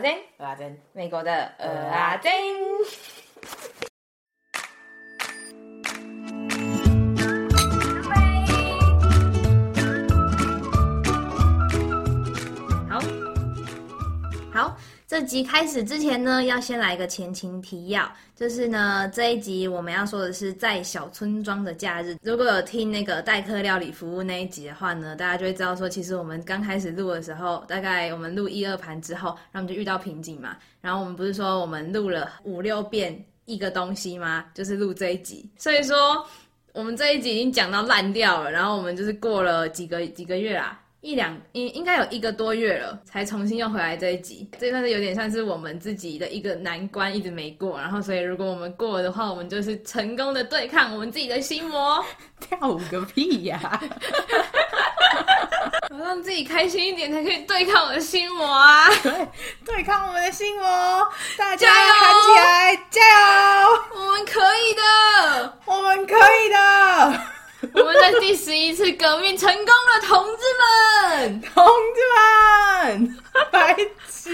ㄚ 蓁，ㄚ 蓁，美國的 ㄚ 蓁。這集開始之前呢，要先來一個前情提要，就是呢，這一集我們要說的是在小村莊的假日。如果有聽那個代客料理服務那一集的話呢，大家就會知道說，其實我們剛開始錄的時候，大概我們錄一二盤之後，然後我們就遇到瓶頸嘛。然後我們不是說我們錄了五六遍一個東西嗎？就是錄這一集，所以說我們這一集已經講到爛掉了。然後我們就是過了幾個幾個月啦。一兩應應該有一個多月了，才重新又回來這一集，這算是有點像是我們自己的一個難關，一直沒過。然後，所以如果我們過了的話，我們就是成功的對抗我們自己的心魔。跳舞個屁呀、啊！好 讓自己開心一點，才可以對抗我的心魔啊！ 對抗我們的心魔，大家喊起來加！加油！我們可以的，我們可以的。 我們在第十一次革命成功了，同志們，同志們，白痴，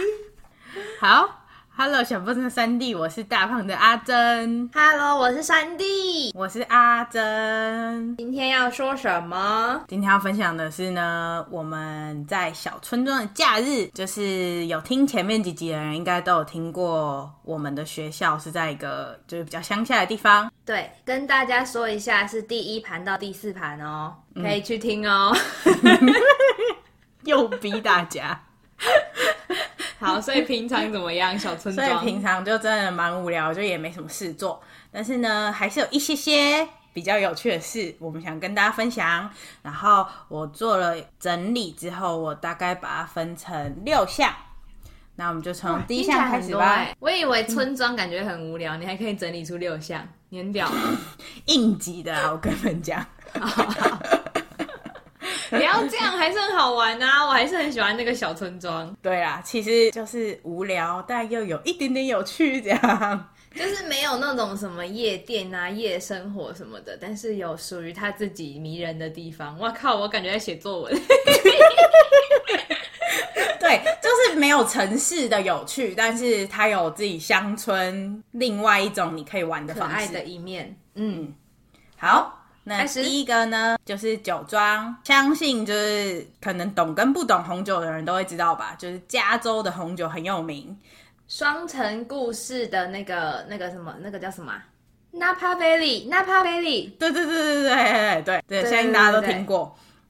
好。Hello，小布的三弟，我是大胖的阿珍。Hello，我是三弟，我是阿珍。今天要說什麼？今天要分享的是呢，我們在小村莊的假日，就是有聽前面幾集的人，應該都有聽過。我們的學校是在一個就是比較鄉下的地方。對，跟大家說一下，是第一盤到第四盤哦，可以去聽哦。嗯、 又逼大家。 好，所以平常怎麼樣？小村莊。 所以平常就真的蠻無聊，就也沒什麼事做。但是呢，還是有一些些比較有趣的事，我們想跟大家分享。然後我做了整理之後，我大概把它分成六項。那我們就從第一項開始吧、啊欸。我以為村莊感覺很無聊、嗯，你還可以整理出六項，你很屌。 應急的，我跟你們講。你 好好 要這樣，還是很好玩啊。我還是很喜歡那個小村莊。對啦，其實就是無聊，但又有一點點有趣，這樣。就是沒有那種什麼夜店啊、夜生活什麼的，但是有屬於他自己迷人的地方。我靠，我感覺在寫作文。 對，就是沒有城市的有趣，但是他有自己鄉村另外一種你可以玩的方式、可愛的一面。嗯，好。那第一個呢，就是酒莊。相信就是可能懂跟不懂紅酒的人都會知道吧，就是加州的紅酒很有名。雙城故事的那個那個什麼那個叫什麼啊？納帕 Valley，納帕 Valley。對對對對對對對對，相信大家都聽過。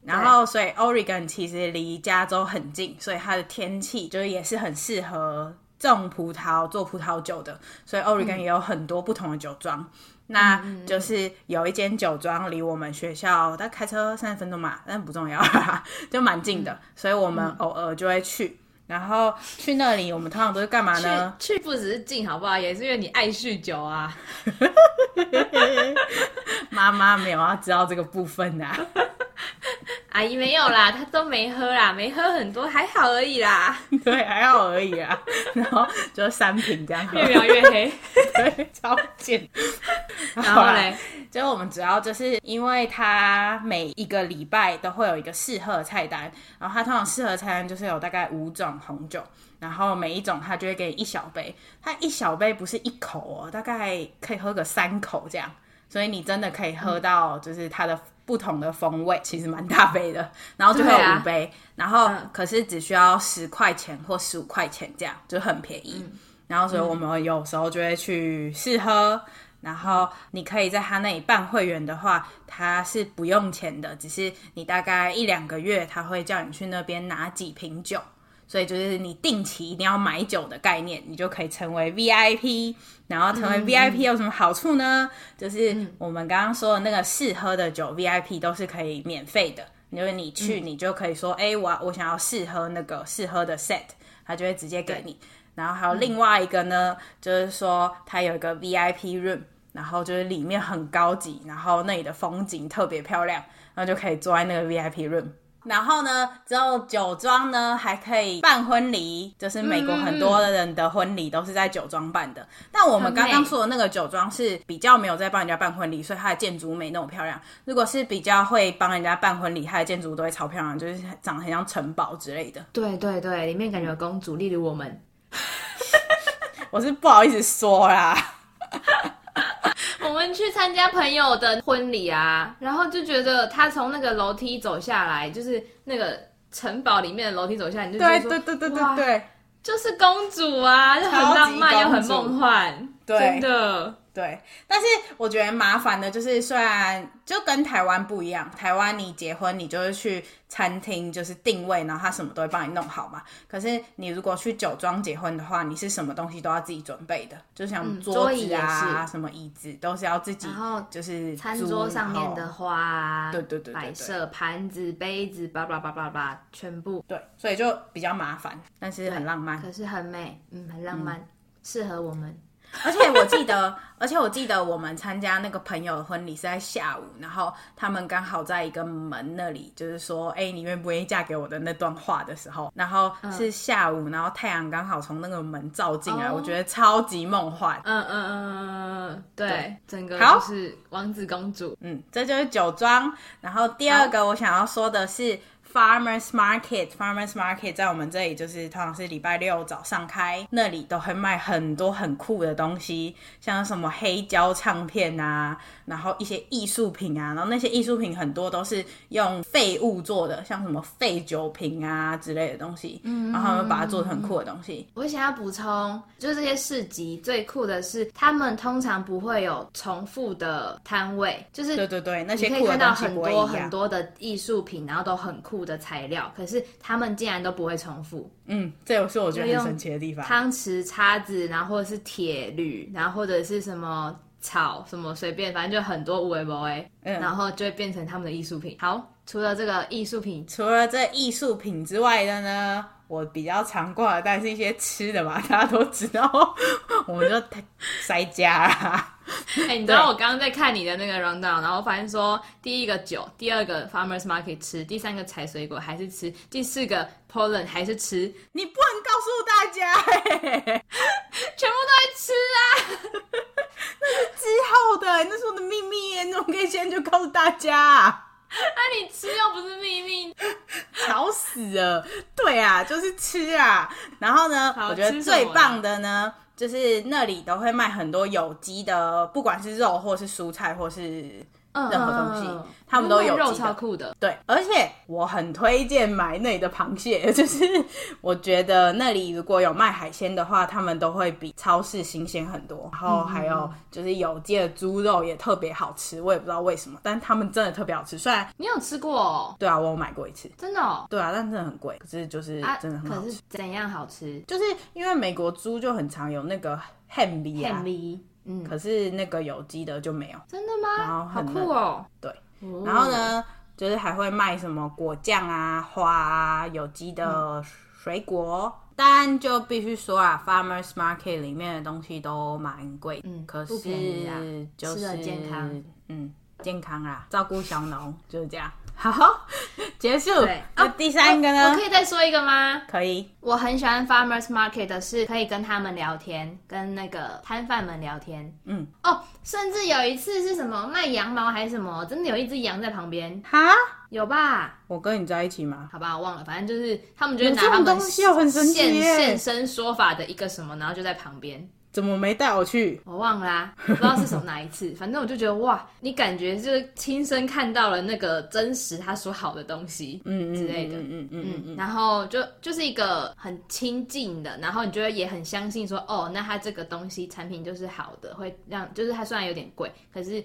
對對對對，然後，所以 Oregon 其實離加州很近，所以它的天氣就是也是很適合種葡萄做葡萄酒的。所以 Oregon 也有很多不同的酒莊。嗯那就是有一間酒莊離我們學校，大概、嗯、開車三十分鐘嘛，但不重要，就蠻近的、嗯。所以我們偶爾就會去，然後去那裡，我們通常都是幹嘛呢？去、去不只是近，好不好？也是因為你愛酗酒啊。媽 媽沒有要知道這個部分啊。阿姨沒有啦，她都沒喝啦，沒喝很多，還好而已啦。 對，還好而已啦。然後就三瓶這樣，越描越黑。 對，超賤。 然後嘞，就是我們主要就是，因為他每一個禮拜都會有一個試喝的菜單，然後他通常試喝的菜單就是有大概五種紅酒，然後每一種他就會給你一小杯，他一小杯不是一口哦，喔，大概可以喝個三口這樣，所以你真的可以喝到就是它的。不同的風味其實蠻大杯的，然後就會有五杯，啊，然後可是只需要十塊錢或十五塊錢這樣就很便宜，嗯，然後所以我們有時候就會去試喝，嗯，然後你可以在他那裡辦會員的話，他是不用錢的，只是你大概一兩個月他會叫你去那邊拿幾瓶酒。所以就是你定期一定要買酒的概念，你就可以成為 VIP。然後成為 VIP 有什麼好處呢？嗯、就是我們剛剛說的那個試喝的酒，VIP 都是可以免費的。就是你去，你就可以說，哎、嗯欸，我我想要試喝那個試喝的 set，他就會直接給你。然後還有另外一個呢，嗯、就是說它有一個 VIP room，然後就是裡面很高級，然後那裡的風景特別漂亮，然後就可以坐在那個 VIP room。然後呢，之後酒莊呢還可以辦婚禮，就是美國很多人的婚禮都是在酒莊辦的，嗯。但我們剛剛說的那個酒莊是比較沒有在幫人家辦婚禮，所以它的建築沒那麼漂亮。如果是比較會幫人家辦婚禮，它的建築都會超漂亮，就是長得很像城堡之類的。對對對，裡面感覺有公主，例如我們， 我是不好意思說啦。 我們去參加朋友的婚禮啊，然後就覺得他從那個樓梯走下來，就是那個城堡裡面的樓梯走下來，你就覺得說對，對對對對對對，哇，就是公主啊，主就很浪漫又很夢幻，對，真的。對，但是我覺得麻煩的就是，雖然就跟台灣不一樣，台灣你結婚你就是去餐廳就是訂位，然後他什麼都會幫你弄好嘛。可是你如果去酒莊結婚的話，你是什麼東西都要自己準備的，就像桌子啊、嗯、桌椅啊、什麼椅子都是要自己，然後就是餐桌上面的花，對對對，對，對對對，擺設、盤子、杯子，叭叭叭叭叭，全部對，所以就比較麻煩，但是很浪漫，可是很美，嗯，很浪漫，嗯、適合我們。 而且我記得，而且我記得我們參加那個朋友的婚禮是在下午，然後他們剛好在一個門那裡，就是說，哎、欸，你願不願意嫁給我的那段話的時候，然後是下午，嗯、然後太陽剛好從那個門照進來、哦，我覺得超級夢幻。嗯嗯嗯嗯，對，整個就是王子公主。嗯，這就是酒莊。然後第二個我想要說的是，Farmers Market，Farmers Market 在我們這裡就是通常是禮拜六早上開，那裡都會賣很多很酷的東西，像什麼黑膠唱片啊。然後一些藝術品啊，然後那些藝術品很多都是用廢物做的，像什麼廢酒瓶啊之類的東西，嗯、然後他們把它做成很酷的東西。我想要補充，就是這些市集最酷的是，他們通常不會有重複的攤位，就是對對對，那些可以看到很多很多的藝術品，然後都很酷的材料，可是他們竟然都不會重複。嗯，這也是我覺得很神奇的地方。湯匙、叉子，然後或者是鐵鋁，然後或者是什麼。草什麼隨便，反正就很多五顏六色，然後就會變成他們的藝術品。好，除了這個藝術品，除了這藝術品之外的呢，我比較常掛的，但是一些吃的吧，大家都知道我，我就塞家啦。哎、 欸，你知道我剛剛在看你的那個 rundown，然後發現說，第一個酒，第二個 farmers market 吃，第三個採水果還是吃，第四個。Poland 還是吃？你不能告訴大家、欸，哎，全部都在吃啊！ 那是之後的、欸，那是我的秘密那、欸、我可以現在就告訴大家啊？那、啊、你吃又不是秘密，笑死了！對啊，就是吃啊！然後呢，我覺得最棒的呢、啊，就是那裡都會賣很多有機的，不管是肉或是蔬菜或是。任何東西，嗯、他們都有肉，超酷的！對，而且我很推薦買那裡的螃蟹，就是我覺得那裡如果有賣海鮮的話，他們都會比超市新鮮很多。然後還有就是有機的豬肉也特別好吃，我也不知道為什麼，但他們真的特別好吃。雖然你有吃過、哦，對啊，我有買過一次，真的，哦，對啊，但真的很貴。可是就是真的很好吃，啊、可是怎樣好吃？就是因為美國豬就很常有那個 hammy 可是那個有機的就沒有，真的嗎？然後很好酷哦、喔，對。然後呢，就是還會賣什麼果醬啊、花啊、有機的水果。嗯、但就必須說啊，Farmers Market 裡面的東西都蠻貴，嗯，可是便宜就是健康，嗯，健康啊，照顧小農 就是這樣。好，結束。那、哦、第三個呢、哦我？我可以再說一個嗎？可以。我很喜歡 farmers market，的是可以跟他們聊天，跟那個攤販們聊天。嗯。哦，甚至有一次是什麼賣羊毛還是什麼，真的有一隻羊在旁邊。哈？有吧？我跟你在一起嗎？好吧，我忘了。反正就是他們就拿他們現有東西很神奇、欸、現身說法的一個什麼，然後就在旁邊。怎麼沒帶我去？我忘啦、啊，不知道是什麼哪一次。 反正我就覺得哇，你感覺就是親身看到了那個真實他說好的東西，嗯嗯之類的，嗯嗯嗯嗯，嗯，嗯，嗯，嗯，嗯。然後就就是一個很親近的，然後你覺得也很相信說，說哦，那它這個東西產品就是好的，會讓就是它雖然有點貴，可是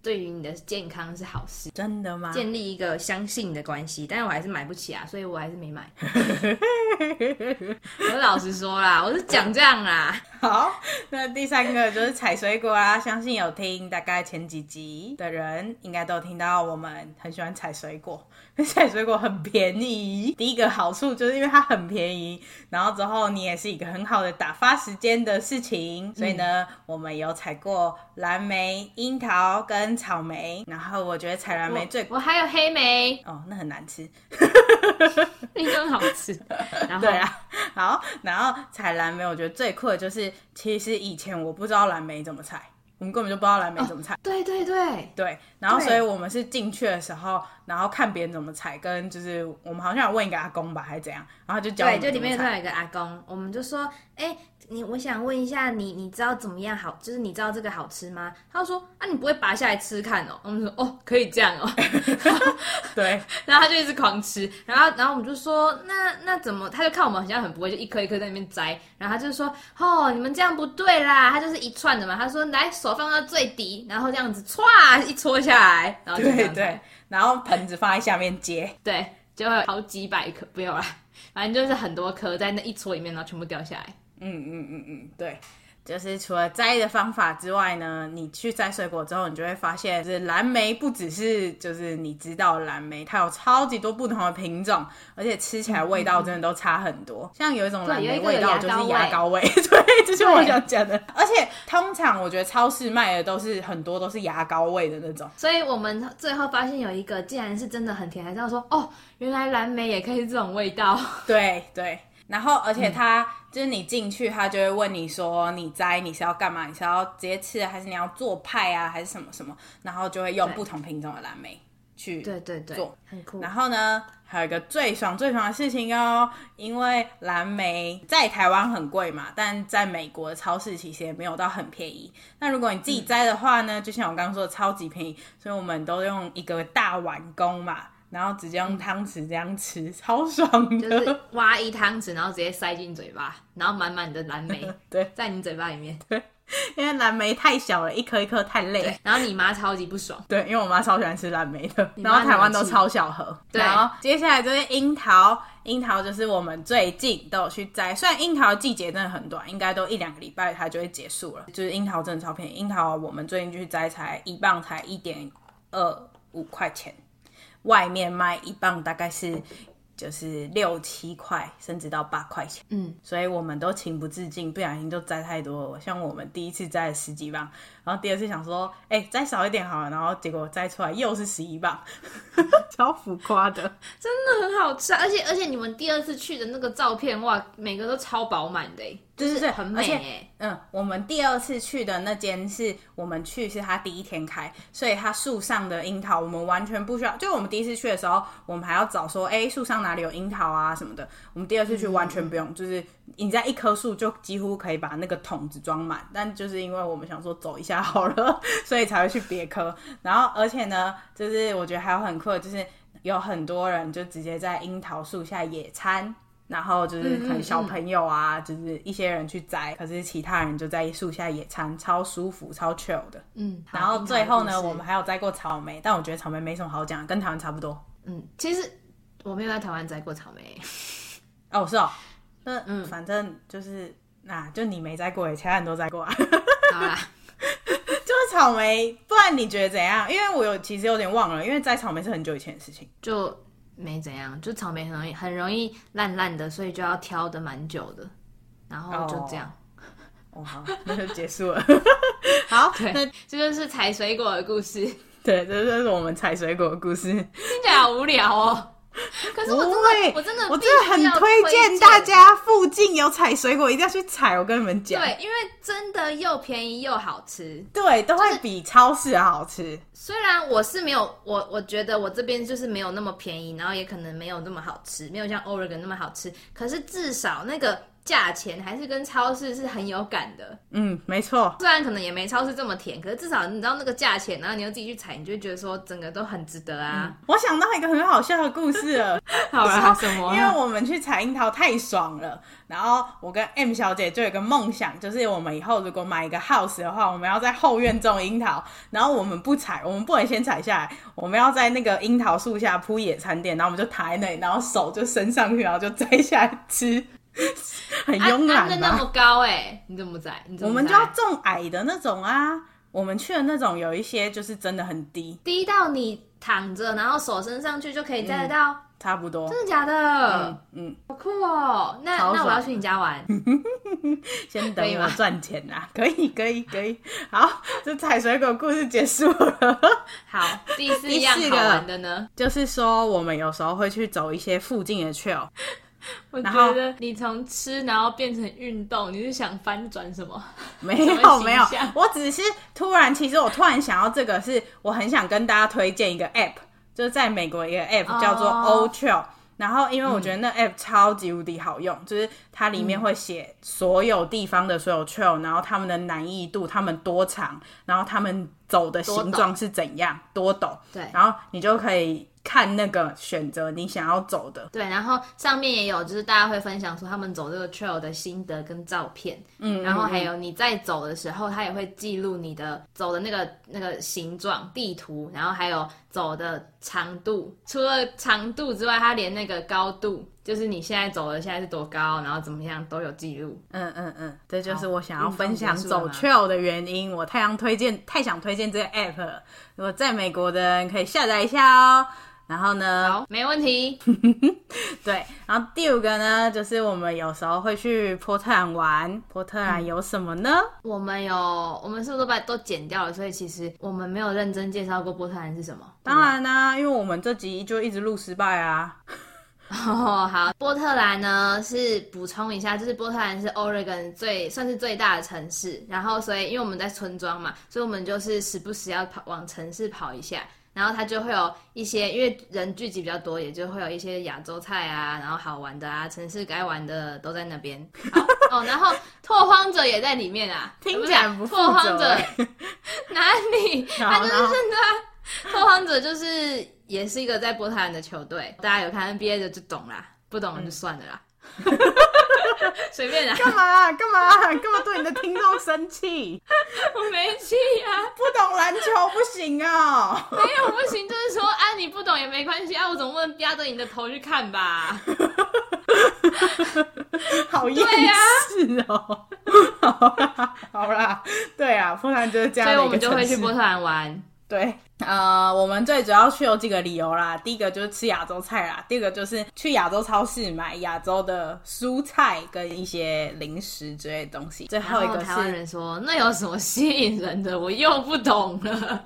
對於你的健康是好事。真的嗎？建立一個相信的關係，但是我還是買不起啊，所以我還是沒買。 我老實說啦，我是講這樣啦。 好，那第三個就是採水果啊！ 相信有聽大概前幾集的人，應該都聽到我們很喜歡採水果。採水果很便宜，第一個好處就是因為它很便宜，然後之後你也是一個很好的打發時間的事情、嗯。所以呢，我們有採過藍莓、櫻桃跟草莓，然後我覺得採藍莓最酷我，我還有黑莓哦，那很難吃，那 更 好吃。對啊，好，然後採藍莓，我覺得最酷的就是，其實以前我不知道藍莓怎麼採，我們根本就不知道藍莓怎麼採、哦。對對對對。對然後，所以我們是進去的時候，然後看別人怎麼採，跟就是我們好像有問一個阿公吧，還是怎樣？然後就教我們怎麼採。對，就裡面有他有一個阿公，我們就說：“哎、欸，你我想問一下你，你你知道怎麼樣好？就是你知道這個好吃嗎？”他就說：“啊，你不會拔下來吃看哦、喔。”我們就說：“哦、喔，可以這樣哦、喔。 ”對，然後他就一直狂吃，然後然後我們就說：“那那怎麼？”他就看我們好像很不會，就一顆一顆在那邊摘。然後他就說：“哦、喔，你們這樣不對啦。”他就是一串的嘛。他說：“來，手放到最底，然後這樣子唰一戳一下來。”下來，然後就這樣對對，對，然後盆子放在下面接 對，就會好幾百顆，不用了、啊， 反正就是很多顆在那一撮裡面，然後全部掉下來，嗯嗯嗯嗯，對。就是除了摘的方法之外呢，你去摘水果之後，你就會發現，就是藍莓不只是就是你知道的藍莓，它有超級多不同的品種，而且吃起來味道真的都差很多。嗯，像有一種藍莓味道就是牙膏味，對，這就是我想講的。而且通常我覺得超市賣的都是很多都是牙膏味的那種。所以我們最後發現有一個既然是真的很甜，還是要說哦，原來藍莓也可以是這種味道。對對。然後，而且他、嗯、就是你進去，他就會問你說：“你摘你是要幹嘛？你是要直接吃，還是你要做派啊，還是什麼什麼？”然後就會用不同品種的藍莓去對對對做，很酷。然後呢，還有一個最爽最爽的事情哦，因為藍莓在台灣很貴嘛，但在美國的超市其實也沒有到很便宜。那如果你自己摘的話呢，嗯、就像我剛剛說的超級便宜，所以我們都用一個個大碗公嘛。然後直接用湯匙這樣吃，嗯，超爽的。就是挖一湯匙，然後直接塞進嘴巴，然後滿滿的藍莓。 對，在你嘴巴裡面。對，因為藍莓太小了，一顆一顆太累。然後你媽超級不爽。對，因為我媽超喜歡吃藍莓的。 然後台灣都超小盒。對。然後接下來就是櫻桃，櫻桃就是我們最近都有去摘。雖然櫻桃的季節真的很短，應該都一兩個禮拜它就會結束了。就是櫻桃真的超便宜，櫻桃我們最近去摘才一磅才一點二五塊錢。外面賣一磅大概是就是六七塊，甚至到八塊錢。嗯，所以我們都情不自禁，不小心就摘太多。像我們第一次摘十幾磅。然後第二次想說，哎、欸，再少一點好了。然後結果摘出來又是十一磅， 超浮誇的。 真的很好吃，啊，而且而且你們第二次去的那個照片哇，每個都超飽滿的，欸，對，就是很美，欸。嗯，我們第二次去的那間是我們去是他第一天開，所以它樹上的櫻桃我們完全不需要。就是我們第一次去的時候，我們還要找說，哎、欸，樹上哪裡有櫻桃啊什麼的。我們第二次去完全不用，嗯嗯，就是你在一棵樹就幾乎可以把那個桶子裝滿。但就是因為我們想說走一下。 好了，所以才會去別科。然後，而且呢，就是我覺得還有很酷，就是有很多人就直接在櫻桃樹下野餐，然後就是小朋友啊嗯嗯嗯，就是一些人去摘，可是其他人就在樹下野餐，超舒服，超 chill 的。嗯。然後最後呢，我們還有摘過草莓，但我覺得草莓沒什麼好講，跟台灣差不多。嗯，其實我沒有在台灣摘過草莓。 哦，是哦。那嗯，反正就是，那、啊、就你沒摘過，也其他人都摘過、啊。 好、啊就是草莓，不然你覺得怎樣？因為我有其實有點忘了，因為摘草莓是很久以前的事情，就沒怎樣。就草莓很容易很容易爛爛的，所以就要挑的蠻久的，然後就這樣，哦、oh. oh, 好，那就結束了。 好，那這就是採水果的故事。對，這就是我們採水果的故事。聽起來好無聊哦。可是我真的，我，我真的我真的很推薦大家，附近有採水果一定要去採。我跟你們講，對，因為真的又便宜又好吃，對，都會比超市好吃。就是，雖然我是沒有，我我覺得我這邊就是沒有那麼便宜，然後也可能沒有那麼好吃，沒有像 Oregon 那麼好吃。可是至少那個。價錢還是跟超市是很有感的，嗯，沒錯，雖然可能也沒超市這麼甜，可是至少你知道那個價錢，然後你又自己去採，你就會覺得說整個都很值得啊、嗯。我想到一個很好笑的故事了， 好啊，就是、什麼、啊？因為我們去採櫻桃太爽了，然後我跟 M 小姐就有個夢想，就是我們以後如果買一個 house 的話，我們要在後院種櫻桃，然後我們不採，我們不能先採下來，我們要在那個櫻桃樹下鋪野餐墊，然後我們就躺在那裡，然後手就伸上去，然後就摘下來吃。 很勇敢的，啊、那麼高哎、欸， 你怎麼在？我們就要種矮的那種啊！我們去的那種，有一些就是真的很低，低到你躺着，然後手伸上去就可以摘得到、嗯，差不多。真的假的？嗯嗯，好酷哦、喔！那那我要去你家玩， 先等我你賺 錢吶、啊！可以可以可以，好，這採水果故事結束了。 好，第四第四個玩的呢，就是說我們有時候會去走一些附近的 trail。我覺得你從吃然後變成運動，你是想翻轉什麼？沒有 沒有，我只是突然，其實我突然想要這個是，是我很想跟大家推薦一個 app，就是在美國一個 app 叫做 AllTrails，oh。然後因為我覺得那個 app 超級無敵好用、嗯，就是它裡面會寫所有地方的所有 trail，嗯、然後它們的難易度、它們多長、然後它們走的形狀是怎樣、多陡，對，然後你就可以。看那個選擇你想要走的，對，然後上面也有，就是大家會分享說他們走這個 trail 的心得跟照片，嗯，嗯，嗯，然後還有你在走的時候，他也會記錄你的走的那個那個形狀、地圖，然後還有走的長度。除了長度之外，他連那個高度，就是你現在走的現在是多高，然後怎麼樣都有記錄。嗯嗯嗯，這就是我想要分享走 trail 的原因，我太想推薦，太想推薦這個 app 了。如果在美國的人可以下載一下哦。然後呢？好，沒問題。 對，然後第五個呢，就是我們有時候會去波特蘭玩。波特蘭有什麼呢、嗯？我們有，我們是不是都把都剪掉了？所以其實我們沒有認真介紹過波特蘭是什麼？當然啦、啊，因為我們這集就一直錄失敗啊。哦，好，波特蘭呢是補充一下，就是波特蘭是 Oregon 最算是最大的城市。然後，所以因為我們在村莊嘛，所以我們就是時不時要跑往城市跑一下。然後他就會有一些，因為人聚集比較多，也就會有一些亞洲菜啊，然後好玩的啊，城市該玩的都在那邊。好哦，然後拓荒者也在裡面啊，聽講不錯，拓荒者 哪裡？他、啊、就是呢，拓荒者就是也是一個在波特蘭的球隊，大家有看 NBA 的就懂啦，不懂就算了啦。嗯 隨便啦！幹嘛啊？幹嘛？幹嘛對你的聽眾生氣？ 我沒氣呀！不懂籃球不行喔！沒有不行，就是說啊，你不懂也沒關係啊，我總不能壓着你的頭去看吧？ 好意思喔！是哦，好啦，對啊，波特蘭就是這樣的一個城市，所以我們就會去波特蘭玩。對，呃，我們最主要去有幾個理由啦。第一個就是吃亞洲菜啦，第二個就是去亞洲超市買亞洲的蔬菜跟一些零食之類的東西。最後一個是，然後台灣人說，那有什麼吸引人的？我又不懂了。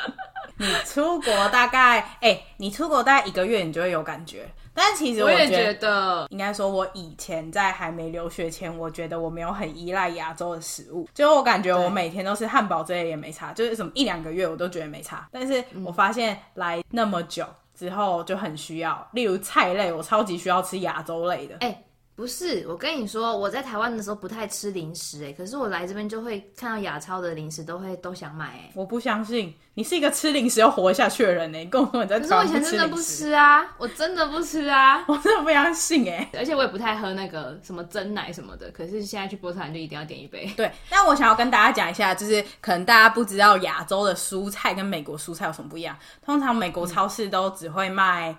你出國大概，哎、欸，你出國大概一個月，你就會有感覺。但其實我也覺得，應該說，我以前在還沒留學前，我覺得我沒有很依賴亞洲的食物，就我感覺我每天都是漢堡之類也沒差，就是什麼一兩個月我都覺得沒差。但是我發現來那麼久之後就很需要，例如菜類，我超級需要吃亞洲類的。欸。不是，我跟你說，我在台灣的時候不太吃零食、欸，哎，可是我來這邊就會看到亞超的零食，都會都想買、欸，哎，我不相信，你是一個吃零食又活下去的人、欸，呢，跟我們在。可是我以前真的不吃啊，我真的不吃啊， 我真的不相信、欸，哎，而且我也不太喝那個什麼珍奶什麼的，可是現在去波特蘭就一定要點一杯。對，那我想要跟大家講一下，就是可能大家不知道亞洲的蔬菜跟美國蔬菜有什麼不一樣，通常美國超市都只會賣萵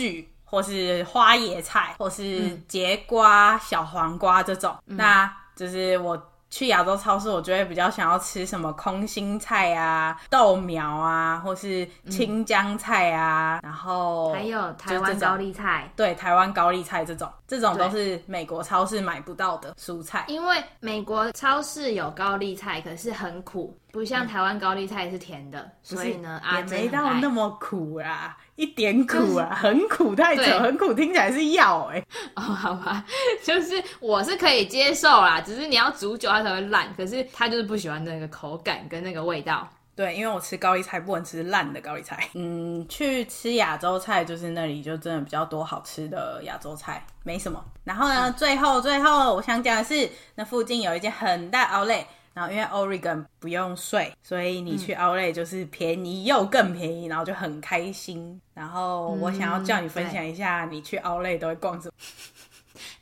苣。嗯或是花椰菜，或是櫛瓜、嗯、小黃瓜這種，嗯、那就是我去亞洲超市，我就會比較想要吃什麼空心菜啊、豆苗啊，或是青江菜啊，嗯、然後還有台灣高麗菜，對，台灣高麗菜這種。這種都是美國超市買不到的蔬菜，因為美國超市有高麗菜，可是很苦，不像台灣高麗菜是甜的，嗯，所以呢，也沒到那麼苦啊，一點苦啊很、就是，很苦太久很苦，聽起來是藥哎、欸。哦，oh,，好吧，就是我是可以接受啦，只是你要煮久它才會爛，可是他就是不喜歡那個口感跟那個味道。對，因為我吃高麗菜不能吃爛的高麗菜。嗯，去吃亞洲菜，就是那裡就真的比較多好吃的亞洲菜，沒什麼。然後呢，嗯、最後最後我想講的是，那附近有一間很大奧萊，然後因為 Oregon 不用稅，所以你去奧萊就是便宜又更便宜，嗯，然後就很開心。然後我想要叫你分享一下，嗯、你去奧萊都會逛什麼？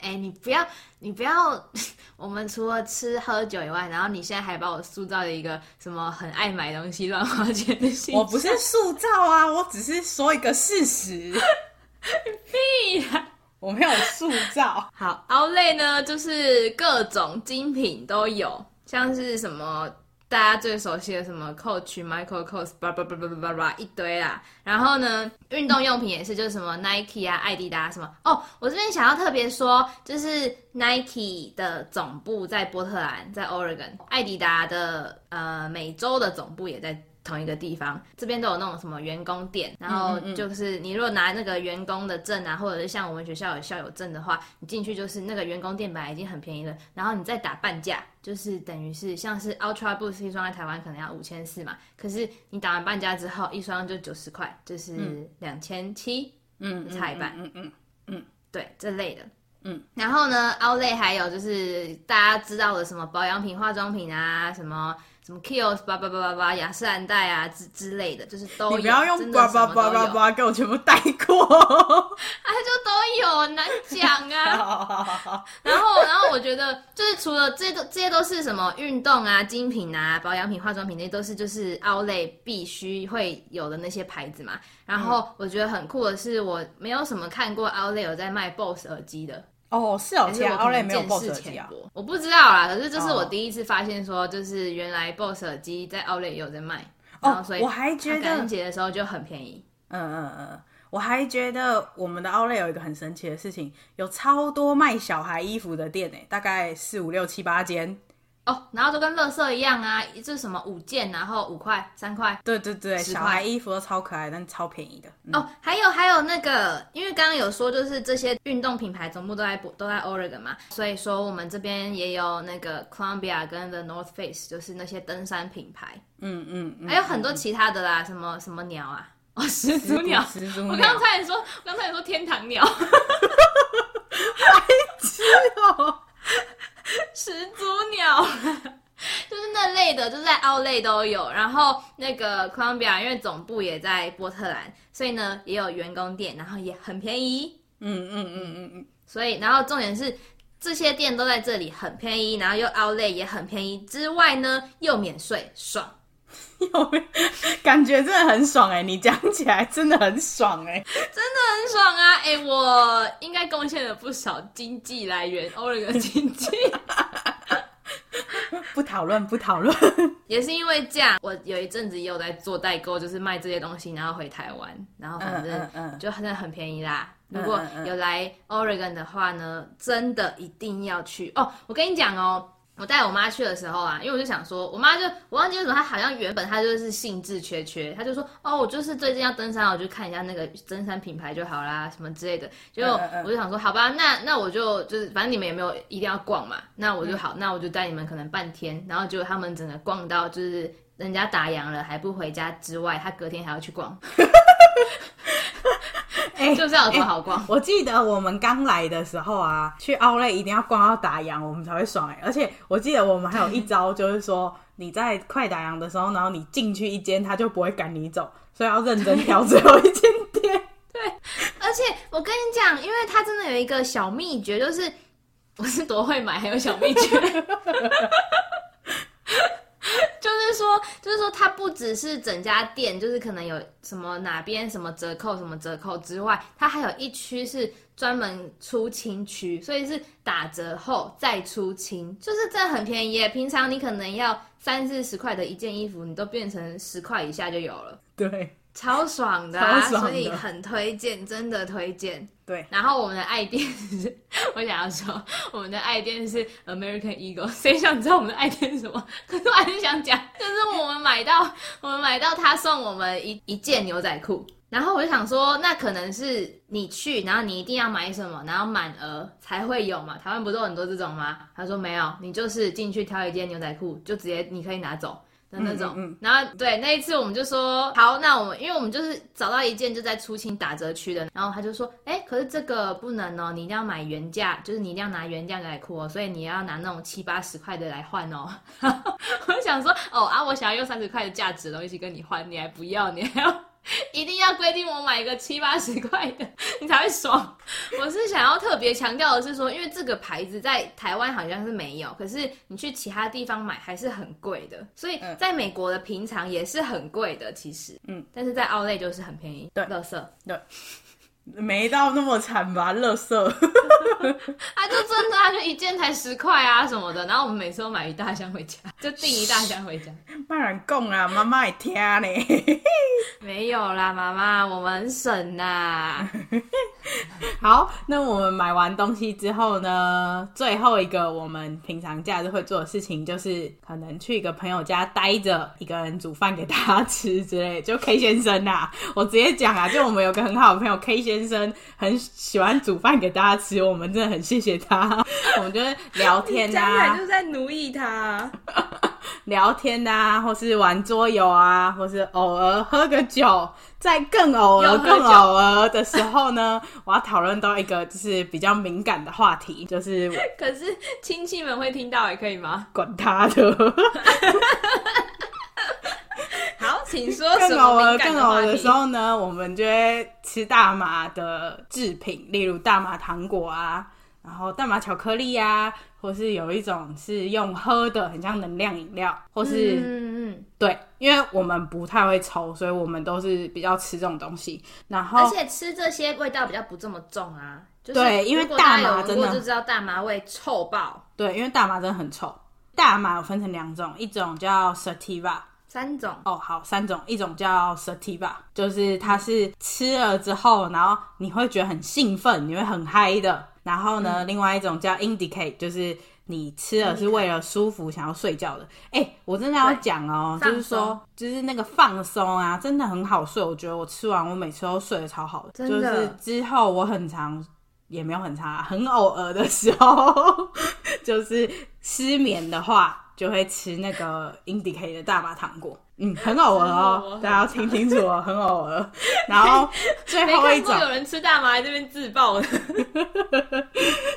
哎、欸，你不要，你不要。我們除了吃喝酒以外，然後你現在還把我塑造了一個什麼很愛買東西、亂花錢的心？我不是塑造啊，我只是說一個事實。屁！ 我沒有塑造。好，凹累呢，就是各種精品都有，像是什麼。大家最熟悉的什麼，Coach、Michael Kors，叭叭叭叭叭叭叭一堆啦。然後呢，運動用品也是，就是什麼 Nike 啊、艾迪達什麼。哦，我這邊想要特別說，就是 Nike 的總部在波特蘭，在 Oregon。艾迪達的呃美洲的總部也在。同一個地方，這邊都有那種什麼員工店，然後就是你如果拿那個員工的證啊，嗯嗯嗯或者是像我們學校有校友證的話，你進去就是那個員工店，本來已經很便宜了，然後你再打半價，就是等於是像是 Ultra Boost 一雙在台灣可能要五千四嘛，可是你打完半價之後，一雙就九十塊，就是兩千七，嗯，差一半，嗯嗯嗯，嗯，嗯嗯嗯，對，這類的，嗯，然後呢，Outlet 還有就是大家知道的什麼保養品、化妝品啊，什麼。什麼 Kills 吧吧吧吧吧，雅詩蘭黛啊之之類的，就是都有。你不要用吧吧吧吧吧給我全部帶過，它、。 啊、就都有，難講啊。 然後，然後我覺得就是除了這些都，這些都是什麼運動啊、精品啊、保養品、化妝品那些，都是就是 outlet 必須會有的那些牌子嘛。然後我覺得很酷的是，我沒有什麼看過 outlet 有在賣 Bose 耳機的。哦，是喔，其實我，奧萊沒有 Bose 耳機啊，我不知道啦。可是這是我第一次發現，說就是原來 Bose 耳機在奧萊也有在賣。哦，我還覺得感恩節的時候就很便宜。嗯嗯嗯，我還覺得我們的奧萊有一個很神奇的事情，有超多賣小孩衣服的店呢、欸，大概四五六七八間。哦，然後就跟垃圾一樣啊，一直什麼五件，然後五塊、三塊，對對對，小孩衣服都超可愛，但超便宜的。嗯、哦，還有還有那個，因為剛剛有說就是這些運動品牌總部都在都在 Oregon 嘛，所以說我們這邊也有那個 Columbia 跟 The North Face，就是那些登山品牌。嗯嗯，嗯，還有很多其他的啦，嗯、什麼什麼鳥啊，十哦，始祖鳥，始祖鳥，我剛才也說，我剛才也說天堂鳥， 還哈吃哈、喔。 始祖鳥， 就是那類的，就在 outlet 都有。然後那個 Columbia，因為總部也在波特蘭，所以呢也有員工店，然後也很便宜。嗯嗯嗯嗯嗯。所以，然後重點是這些店都在這裡，很便宜，然後又 outlet 也很便宜。之外呢，又免稅，爽。有，沒有，感覺真的很爽哎、欸，你講起來真的很爽哎、欸，真的很爽啊哎、欸，我應該貢獻了不少經濟來源 Oregon 經濟 。不討論不討論，也是因為這樣，我有一陣子也有在做代購，就是賣這些東西，然後回台灣，然後反正嗯就真的很便宜啦。如果有來 Oregon 的話呢，真的一定要去哦、喔。我跟你講哦、喔。我帶我媽去的時候啊，因為我就想說，我媽就我忘記為什麼她好像原本她就是興致缺缺，她就說哦，我就是最近要登山了，我就看一下那個登山品牌就好啦，什麼之類的。就我就想說，好吧，那那我就就是反正你們也沒有一定要逛嘛，那我就好，嗯、那我就帶你們可能半天。然後結果他們整個逛到就是人家打烊了還不回家之外，他隔天還要去逛。 哎、欸，就是要最好逛、欸。我記得我們剛來的時候啊，去奧萊一定要逛到打烊，我們才會爽、欸。哎，而且我記得我們還有一招，就是說你在快打烊的時候，然後你進去一間，他就不會趕你走，所以要認真挑最後一間店。對， 對，而且我跟你講，因為他真的有一個小秘訣，就是我是多會買，還有小秘訣。 就是說，就是說，它不只是整家店，就是可能有什麼哪邊什麼折扣，什麼折扣之外，它還有一區是專門出清區，所以是打折後再出清，就是這很便宜。平常你可能要三四十塊的一件衣服，你都變成十塊以下就有了。對。超爽的啊、超爽的，所以很推薦，真的推薦。對。然後我們的愛店是，我想要說，我們的愛店是 American Eagle，誰想知道我們的愛店是什麼？可是我還是想講，就是我們買到，我們買到他送我們一一件牛仔褲。然後我就想說，那可能是你去，然後你一定要買什麼，然後滿額才會有嘛？台灣不是有很多這種嗎？他說沒有，你就是進去挑一件牛仔褲，就直接你可以拿走。的那種，嗯嗯嗯，然後對，那一次我們就說好，那我們因為我們就是找到一件就在出清打折區的，然後他就說，哎、欸，可是這個不能哦，你一定要買原價，就是你一定要拿原價給來哭哦，所以你要拿那種七八十塊的來換哦。 我就想說，哦啊，我想要用三十塊的價值東西跟你換，你還不要，你還要。。 一定要規定我買一個七八十塊的，你才會爽。我是想要特別強調的是說，因為這個牌子在台灣好像是沒有，可是你去其他地方買還是很貴的。所以在美國的平常也是很貴的，其實。嗯。但是在 Outlet 就是很便宜。對，垃圾。對。沒到那麼慘吧？樂色， 啊，就真的、啊，就一件才十塊啊什麼的。然後我們每次都買一大箱回家，就訂一大箱回家。罵人供啊，媽媽也聽呢。 沒有啦，媽媽，我們很省吶。 好，那我們買完東西之後呢？最後一個我們平常假日會做的事情，就是可能去一個朋友家待着，一個人煮飯給大家吃之類。就 K 先生啊，我直接講啊，就我們有個很好的朋友 K 先生，很喜歡煮飯給大家吃，我們真的很謝謝他。我們就是聊天啊，家還就是在奴役他。聊天啊，或是玩桌遊啊，或是偶爾喝個酒，在更偶爾、更偶爾的時候呢， 我要討論到一個就是比較敏感的話題，就是可是親戚們會聽到，也可以嗎？管他的。 好，請說什麼？更偶爾、更偶爾的時候呢，我們就會吃大麻的製品，例如大麻糖果啊。然後大麻巧克力呀、啊，或是有一種是用喝的，很像能量飲料，或是嗯，嗯嗯，對，因為我們不太會抽，所以我們都是比較吃這種東西。然後而且吃這些味道比較不這麼重啊。就是、對，因為大麻真的就知道大麻味臭爆。對，因為大麻真的很臭。大麻有分成兩種，一種叫 Sativa 三種哦，好三種，一種叫 Sativa 就是它是吃了之後，然後你會覺得很興奮，你會很嗨的。然後呢、嗯，另外一種叫 indicate，就是你吃了是為了舒服，想要睡覺的。誒、欸，我真的要講哦、喔，就是說，就是那個放鬆啊，真的很好睡。我覺得我吃完，我每次都睡得超好的。真的。就是之後我很常也沒有很常、啊，很偶爾的時候， 就是失眠的話。 就會吃那個 Indica 的大麻糖果，嗯，很偶爾哦，大家要聽清楚哦，很偶爾。偶爾 然後最後一種有人吃大麻這邊自爆的。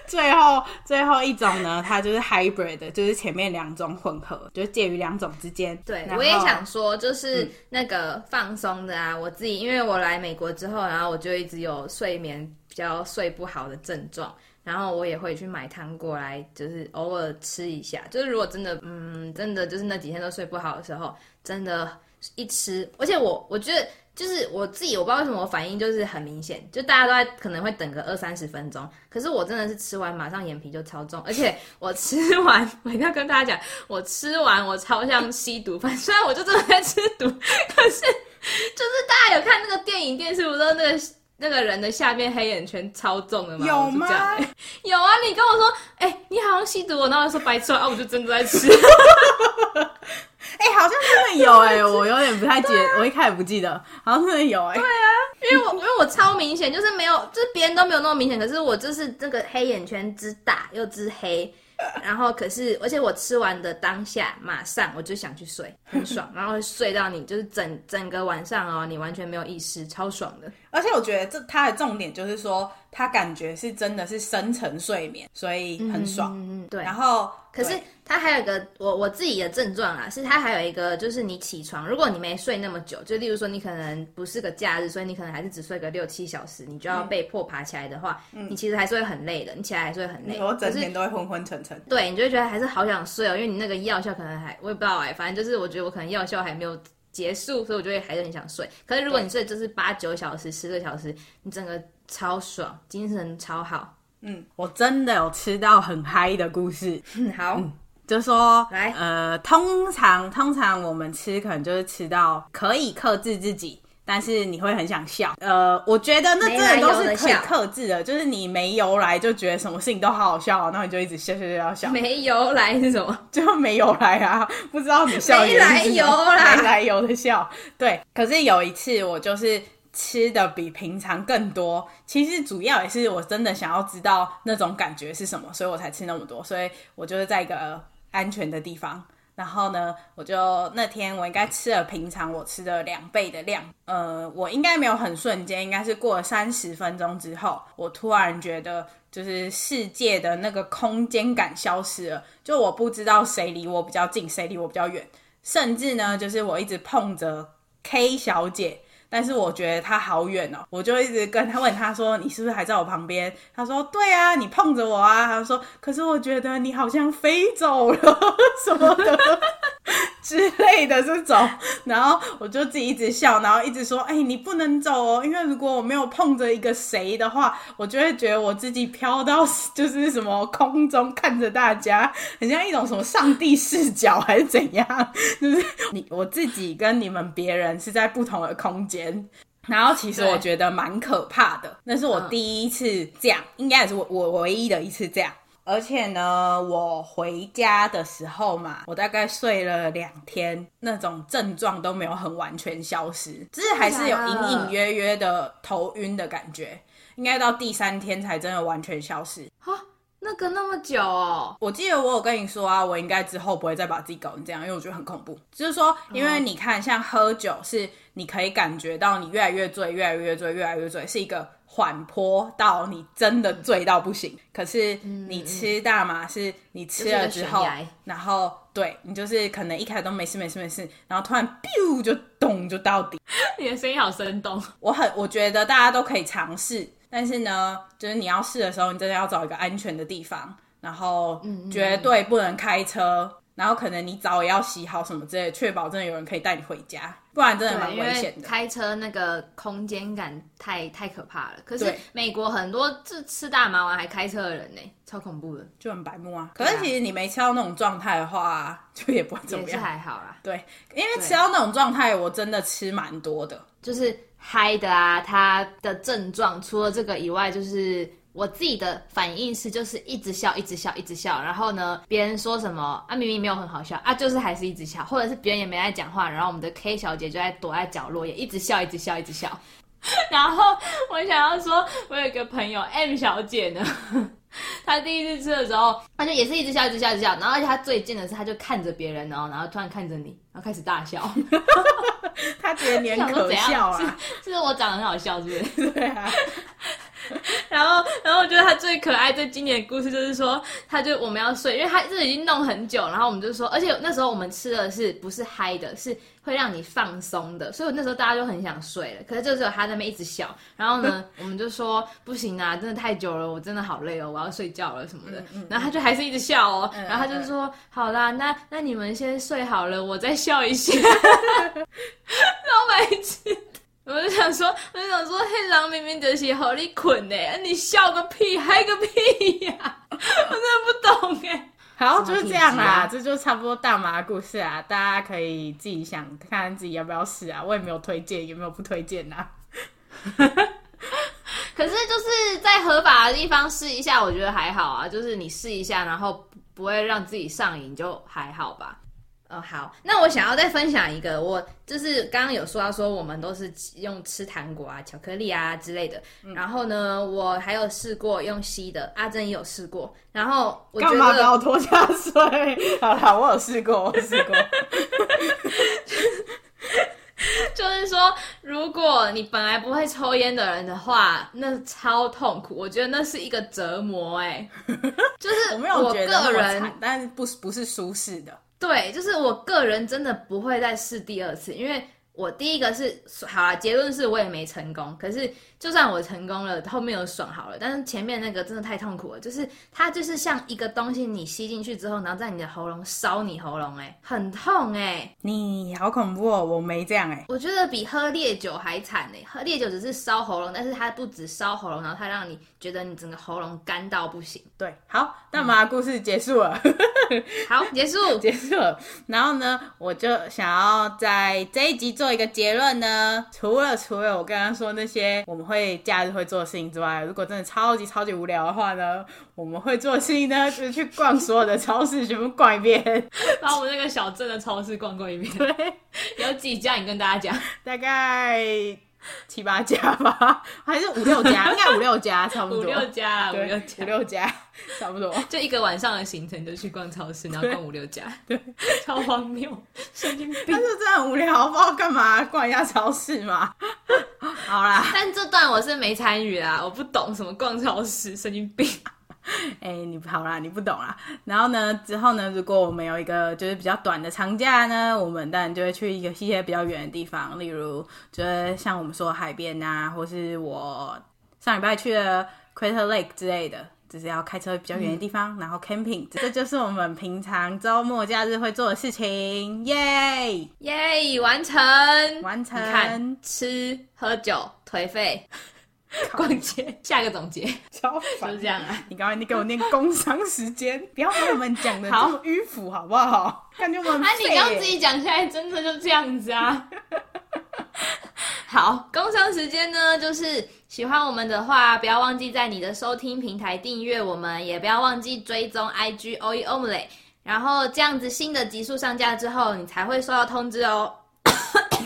最後最後一種呢，它就是 Hybrid 的，就是前面兩種混合，就介於兩種之間。對，我也想說，就是那個放鬆的啊、嗯，我自己因為我來美國之後，然後我就一直有睡眠比較睡不好的症狀。然後我也會去買糖過來，就是偶爾吃一下。就是如果真的，嗯，真的就是那幾天都睡不好的時候，真的，一吃，而且我我覺得就是我自己，我不知道為什麼我反應就是很明顯，就大家都在可能會等個二三十分鐘，可是我真的是吃完馬上眼皮就超重，而且我吃完，我一定要跟大家講，我吃完我超像吸毒犯，雖然我就真的在吃毒，可是就是大家有看那個電影電視不？都那個。那個人的下面黑眼圈超重的嗎？有嗎？欸、 有啊！你跟我說，哎、欸，你好像吸毒哦，然後他說白吃啊，我就真的在吃。哎、 欸，好像真的有哎、欸， 我有點不太記得、啊，我一開始不記得，好像真的有哎、欸。對啊，因為我因為我超明顯，就是沒有，就是別人都沒有那麼明顯，可是我就是這個黑眼圈之大又之黑。 然後，可是，而且我吃完的當下馬上我就想去睡，很爽。然後會睡到你就是整整個晚上哦，你完全沒有意識，超爽的。而且我覺得這它的重點就是說。他感覺是真的是深層睡眠，所以很爽。嗯嗯，嗯，嗯，對。然後，可是他還有一個我我自己的症狀啊，是它還有一個就是你起床，如果你沒睡那麼久，就例如說你可能不是個假日，所以你可能還是只睡個六七小時，你就要被迫爬起來的話，嗯、你其實還是會很累的。嗯、你起來還是會很累，我整天都會昏昏沉沉。對，你就會覺得還是好想睡哦，喔，因為你那個藥效可能還我也不知道哎，欸，反正就是我覺得我可能藥效還沒有結束，所以我就會還是很想睡。可是如果你睡就是八九小時，十個小時，你整個。超爽，精神超好。嗯，我真的有吃到很嗨的故事。嗯，好，就說來，呃，通常通常我們吃，可能就是吃到可以克制自己，但是你會很想笑。呃，我覺得那真的都是可以克制的，的，就是你沒由來就覺得什麼事情都好好笑，然後你就一直笑笑笑笑笑，笑，笑，笑。沒由來是什麼？就沒由來啊，不知道你笑麼沒來由的笑。沒來由的笑，對。可是有一次，我就是。吃的比平常更多，其實主要也是我真的想要知道那種感覺是什麼，所以我才吃那麼多。所以我就是在一個安全的地方，然後呢，我就那天我應該吃了平常我吃的兩倍的量。呃，我應該沒有很瞬間，應該是過了三十分鐘之後，我突然覺得就是世界的那個空間感消失了，就我不知道誰離我比較近，誰離我比較遠，甚至呢，就是我一直碰着 K 小姐。但是我覺得他好遠哦、喔，我就一直跟他問他說：“你是不是還在我旁邊？”他說：“對啊，你碰着我啊。”他說：“可是我覺得你好像飛走了什麼的。 ”之類的這種，然後我就自己一直笑，然後一直說：“哎、欸，你不能走哦，因為如果我沒有碰着一個誰的話，我就會覺得我自己飄到就是什麼空中，看着大家，很像一種什麼上帝視角還是怎樣，就是你我自己跟你們別人是在不同的空間。然後其實我覺得蠻可怕的，那是我第一次這樣，應該也是我我唯一的一次這樣。”而且呢，我回家的時候嘛，我大概睡了兩天，那種症狀都沒有很完全消失，只是還是有隱隱約約的頭暈的感覺，應該到第三天才真的完全消失。哈，那個那麼久哦，我記得我有跟你說啊，我應該之後不會再把自己搞成這樣，因為我覺得很恐怖。就是說，因為你看，像喝酒是。你可以感覺到你越來越醉，越來越醉，越來越醉，是一個緩坡到你真的醉到不行。嗯、可是你吃大麻是，你吃了之後，然後對，你就是可能一開始都沒事沒事沒事，然後突然就咚就到底。你的聲音好生動。我很，我覺得大家都可以嘗試，但是呢，就是你要試的時候，你真的要找一個安全的地方，然後絕對不能開車。嗯嗯嗯。然後可能你澡也要洗好什麼之類，確保真的有人可以帶你回家，不然真的蠻危險的。開車那個空間感太太可怕了。可是美國很多吃吃大麻丸還開車的人呢，超恐怖的，就很白目啊。可是其實你沒吃到那種狀態的話，啊、就也不會怎麼樣，還好啦。對，因為吃到那種狀態，我真的吃蠻多的，就是嗨的啊，它的症狀除了這個以外就是。我自己的反應是，就是一直笑，一直笑，一直笑。然後呢，別人說什麼啊，明明沒有很好笑啊，就是還是一直笑，或者是別人也沒在講話。然後我們的 K 小姐就在躲在角落，也一直笑，一直笑，一直笑。直笑 然後我想要說，我有一個朋友 M 小姐呢，她第一次吃的時候，她就也是一直笑，一直笑，一直笑。然後而且她最近的是，她就看着別人，然後然後突然看着你，然後開始大笑。她覺得你可笑啊？是我長得很好笑，是不是？ 對啊。 然後，然後我覺得他最可愛、最經典的故事就是說，他就我們要睡，因為他這已經弄很久，然後我們就說，而且那時候我們吃的是不是嗨的，是會讓你放鬆的，所以那時候大家就很想睡了。可是就只有他在那邊一直笑，然後呢， 我們就說不行啊，真的太久了，我真的好累哦，我要睡覺了什麼的。然後他就還是一直笑哦，嗯嗯嗯，然後他就說好啦，那那你們先睡好了，我再笑一下， 老百姓。我就想說，我就想說，黑狼明明就是讓你困呢，你笑個屁，嗨個屁呀、啊！我真的不懂哎、欸。好，啊、就是這樣啦、啊，這就差不多大麻的故事啊，大家可以自己想，看，看自己要不要試啊。我也沒有推薦，有沒有不推薦吶、啊？ 可是就是在合法的地方試一下，我覺得還好啊。就是你試一下，然後不會讓自己上癮，就還好吧。呃、哦，好，那我想要再分享一個，我就是剛剛有說到說我們都是用吃糖果啊、巧克力啊之類的，嗯、然後呢，我還有試過用吸的，阿蓁也有試過，然後我覺得幹嘛把我拖下水？好了，我有試過，我有試過 就是，就是說，如果你本來不會抽煙的人的話，那超痛苦，我覺得那是一個折磨、欸，哎，就是我個人，但是不不是舒適的。對，就是我個人真的不會再試第二次，因為我第一個是，好了，啊，結論是我也沒成功，可是。就算我成功了，後面有爽好了，但是前面那個真的太痛苦了，就是它就是像一個東西，你吸進去之後，然後在你的喉嚨燒你喉嚨，哎，很痛哎、欸，你好恐怖哦！我沒這樣哎、欸，我覺得比喝烈酒還慘哎、欸，喝烈酒只是燒喉嚨，但是它不止燒喉嚨，然後它讓你覺得你整個喉嚨乾到不行。對，好，那、嗯、麼故事結束了， 好，結束，結束了，然後呢，我就想要在這一集做一個結論呢，除了除了我剛剛說那些我們。會假日會做事情之外，如果真的超級超級無聊的話呢，我們會做事情呢，就去逛所有的超市， 全部逛一遍，把我們那個小鎮的超市逛過一遍。對， 有幾家你跟大家講，大概。七八家吧，還是五六家？應該五六家差不多 五。五六家，五六家，差不多。就一個晚上的行程，就去逛超市，然後逛五六家，對，對超荒謬， 神經病。但是真的很無聊，不知道幹嘛，逛一下超市嘛。 好啦， 但這段我是沒參與啦，我不懂什麼逛超市，神經病。哎、欸，你不好啦，你不懂啦。然後呢，之後呢，如果我們有一個就是比較短的長假呢，我們當然就會去一個一些比較遠的地方，例如就是像我們說的海邊啊，或是我上禮拜去的 Crater Lake 之類的，就是要開車比較遠的地方，嗯、然後 camping。這就是我們平常週末假日會做的事情，耶、yeah! 耶，完成完成，吃喝酒頹廢。逛街，下一個總結，超 就是這樣啊！你趕快，你給我念工商時間， 不要把我們講的這麼迂腐，好不好？感覺我們……哎、欸，啊、你剛剛自己講下來，真的就這樣子啊！ 好，工商時間呢，就是喜歡我們的話，不要忘記在你的收聽平台訂閱我們，也不要忘記追蹤 IG o e Omelette，然後這樣子新的集數上架之後，你才會收到通知哦。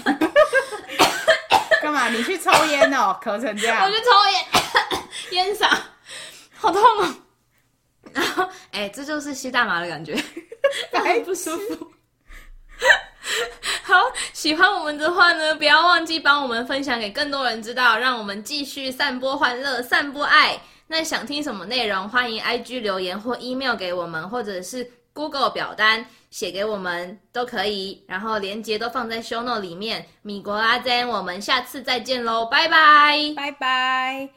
幹嘛？你去抽煙哦、喔，咳成這樣。我去抽煙，煙嗓，好痛哦、喔。然後，哎、欸，這就是吸大麻的感覺，太不舒服 。好，喜歡我們的話呢，不要忘記幫我們分享給更多人知道，讓我們繼續散播歡樂，散播愛。那想聽什麼內容？歡迎 IG 留言或 email 給我們，或者是 Google 表單。寫給我們都可以，然後連結都放在 show note 裡面。米國阿蓁，我們下次再見嘍，拜拜，拜拜。